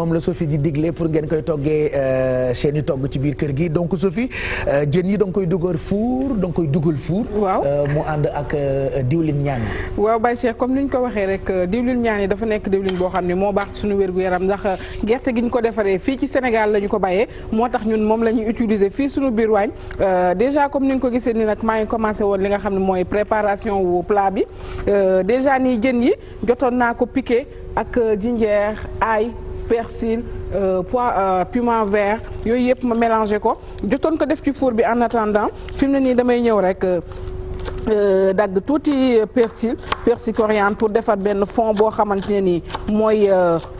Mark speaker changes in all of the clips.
Speaker 1: moom la Sophie di digle pour ngeen koy toggee euh, seen i togg ci biir kër gi donc Sophie euh, jën yi da nga koy dugal fuur da koy dugal fuur. waaw euh, mu ànd ak diwlin ñaan yi. waaw Baye Cheikh comme ni ñu ko waxee rek diwlin ñaan yi dafa nekk diwlin boo xam ne moo baax suñu wér-gu-yaram ndax gerte gi ñu ko defaree fii ci Sénégal lañu ko bayee moo tax ñun moom la ñuy utiliser fii suñu biir waañ déjà comme ni nga ko gisee nii nag maa ngi commencé woon li nga xam ne mooy préparation wu bi déjà nii jën yi jotoon naa ko piqué ak jinjeer persil euh, pois euh, piment vert yooyu yëpp ma mélangé ko jotoon ko def ci four bi en attendant fi mu ne nii damay ñëw rek. Euh, dagg tuuti persil persil coriandre pour defar benn fond boo xamante ne nii mooy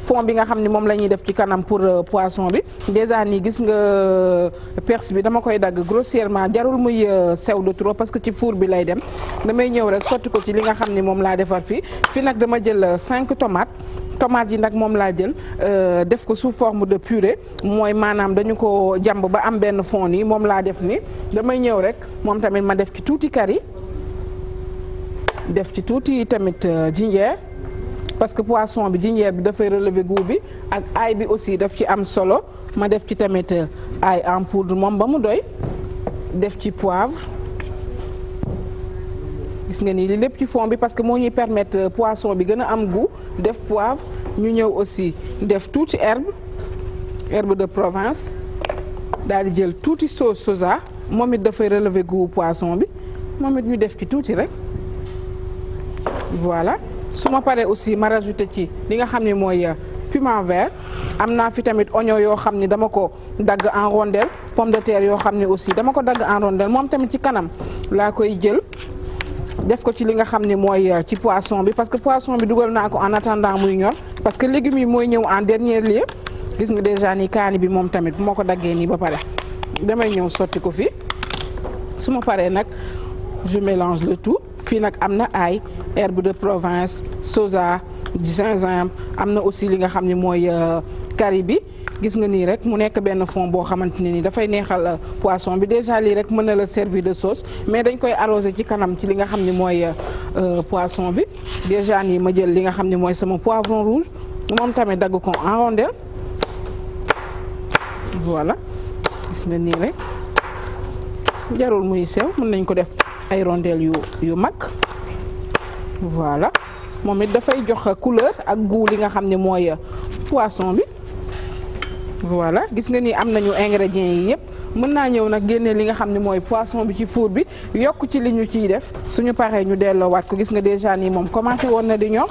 Speaker 1: fond bi nga xam ni moom la ñuy def ci kanam pour poisson bi déjà nii gis nga persil bi dama koy dagg grossièrement jarul muy sew de trop parce que ci four bi lay dem damay ñëw rek sotti ko ci li nga xam ni moom laa defar fii fii nag dama jël cinq tomates tomate yi nag moom laa jël euh, def ko sous forme de purée mooy maanaam dañu ko jàmb ba am benn fond nii moom laa def ni damay ñëw rek moom tamit ma def ci tuuti kari def ci tuuti tamit euh, jinjeer parce que poisson bi jinjeer bi dafay relever goût bi ak ail bi aussi daf ci am solo ma def ci tamit euh, ail en poudre moom ba mu doy def ci poivre gis nga ni lépp ci fond bi parce que moo ñuy permettre euh, poisson bi gën a am goût def poivre ñu ñëw aussi def tuuti herbe herbe de Provence daal di jël tuuti sauce soja moom dafay relever goût poisson bi moom ñu def ci tuuti rek voilà su ma paree aussi ma rajouté ci li nga xam ne mooy euh, piment vert am naa fi tamit oignon yoo xam ne dama ko dagg en rondelle pomme de terre yoo xam ne aussi dama ko dagg en rondelle moom tamit ci kanam laa koy jël def ko ci li nga xam ne mooy euh, ci poisson bi parce que poisson bi dugal naa ko en attendant muy ñor parce que légumes yi mooy ñëw en dernier lieu gis nga déjà ni kaani bi moom tamit bu ko daggee nii ba pare damay ñëw sotti ko fi su ma paree nag je mélange le tout fii nag am na ay herbe de Provence soja gingembre am na aussi li nga xam ni mooy. Euh, kari bi gis nga nii rek mu nekk benn fond boo xamante ne nii dafay neexal euh, poisson bi déjà lii rek mën na la servir de sauce mais dañ koy arrosé ci kanam ci li nga xam ne mooy euh, euh, poisson bi déjà nii ma jël li nga xam ne mooy sama poivron rouge moom tamit dagg ko en rondelle voilà gis nga nii jarul muy sew nañ ko def ay yu yu mag voilà moom it dafay jox couleur ak gou li nga xam ne mooy poisson bi voilà gis nga ni am nañu ingrédients yi yëpp mën naa ñëw nag génne li nga xam ne mooy poisson bi ci four bi yokk ci li ñu ciy def suñu paree ñu delloo waat ko gis nga déjà nii moom commencé woon na di ñor.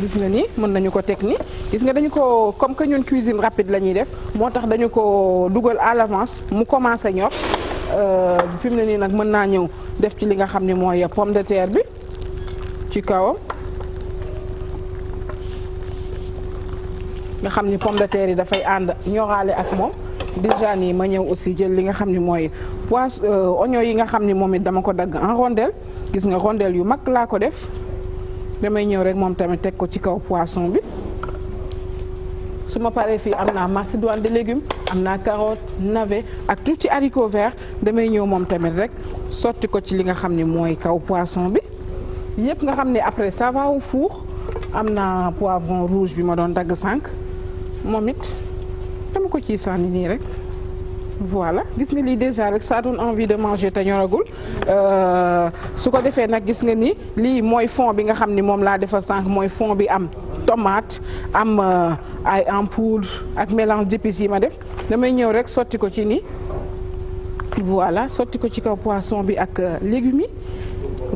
Speaker 1: gis nga ni mën nañu ko teg ni gis nga dañu ko comme que ñun cuisine rapide la ñuy def moo tax dañu ko dugal à l'avance mu commencé ñor euh, fi mu ne nii nag mën naa ñëw def ci li nga xam ni mooy pomme de terre bi. ci kaw nga xam ni pomme de terre yi dafay ànd ñoraale ak moom déjà nii ma ñëw aussi jël li nga xam ni mooy pois euh, oignon yi nga xam ni moom it dama ko dagg en rondelle gis nga rondelle yu mag laa ko def damay ñëw rek moom tamit teg ko ci kaw poison bi su ma paree fii am naa macédoine de légumes am naa carotte navet ak tuuti haricot vert damay ñëw moom tamit rek sotti ko ci li nga xam ni mooy kaw poison bi yëpp nga xam ne après ça va am na poivron rouge bi ma doon dagg sànq moom it dama ko ci sànni nii rek voilà gis nga lii déjà rek ça donne envie de manger te ñoragul euh, su ko defee nag gis nga ni lii mooy fond bi nga xam ni moom laa defar sànq mooy fond bi am tomate am euh, ay en poudre ak mélange d'épices yi ma def damay ñëw rek sotti ko ci nii voilà sotti ko ci kaw poisson bi ak euh, légumes yi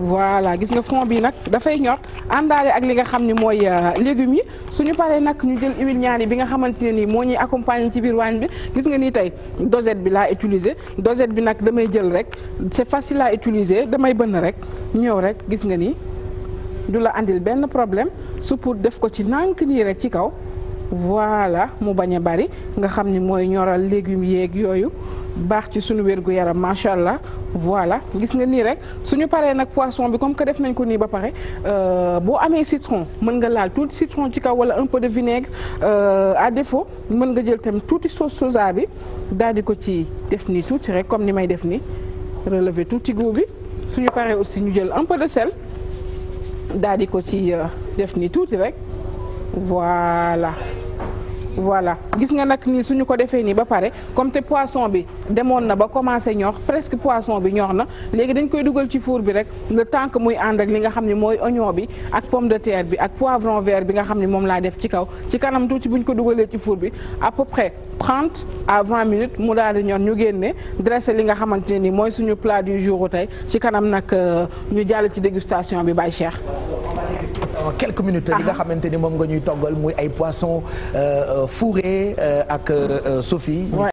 Speaker 1: voilà gis nga fond bi nag dafay ñor àndaale ak li nga xam ne mooy euh, légumes yi suñu paree nag ñu jël huile ñaari bi nga xamante ne nii moo ñuy accompagner ci biir waañ bi gis nga nii tey dosette bi laa utiliser dosette bi nag damay jël rek c'est facile laa utiliser damay bënn rek ñëw rek gis nga nii du la andil benn problème su pour def ko ci nànk nii rek ci kaw voilà mu bañ a bari nga xam ni mooy ñoral légumes yéeg yooyu baax ci suñu wérgu yaram macha allah voilà gis nga nii rek suñu paree nag poisson bi comme que def nañ ko nii ba pare euh, boo amee citron mën nga laal tuuti citron ci kaw wala un peu de vinaigre euh, à défaut mën nga jël tam tuuti sauce soja bi daal di ko ci def nii tuuti rek comme ni may def nii relever tuuti goût bi suñu paree aussi ñu jël un peu de sel daal di ko ci euh, def nii tuuti rek voilà. voilà gis nga nag nii suñu ko defee nii ba pare comme te poisson bi demoon na ba commencé ñor presque poisson bi ñor na léegi dañ koy dugal ci fuur bi rek le temps que muy ànd ak li nga xam ne mooy oignon bi ak pomme de terre bi ak poivron vert bi nga xam ne moom laa def ci kaw ci kanam tuuti buñ ko dugalee ci four bi à peu près à 20 minutes mu daal di ñor ñu génne dressé li nga xamante ne mooy suñu plat du jour tey ci kanam nag euh, ñu jàll ci dégustation bi Baye Cheikh en quelques minutes li nga ah. xamante ni moom nga ñuy toggal muy ay poisson euh, euh, fourré euh, ak Sophie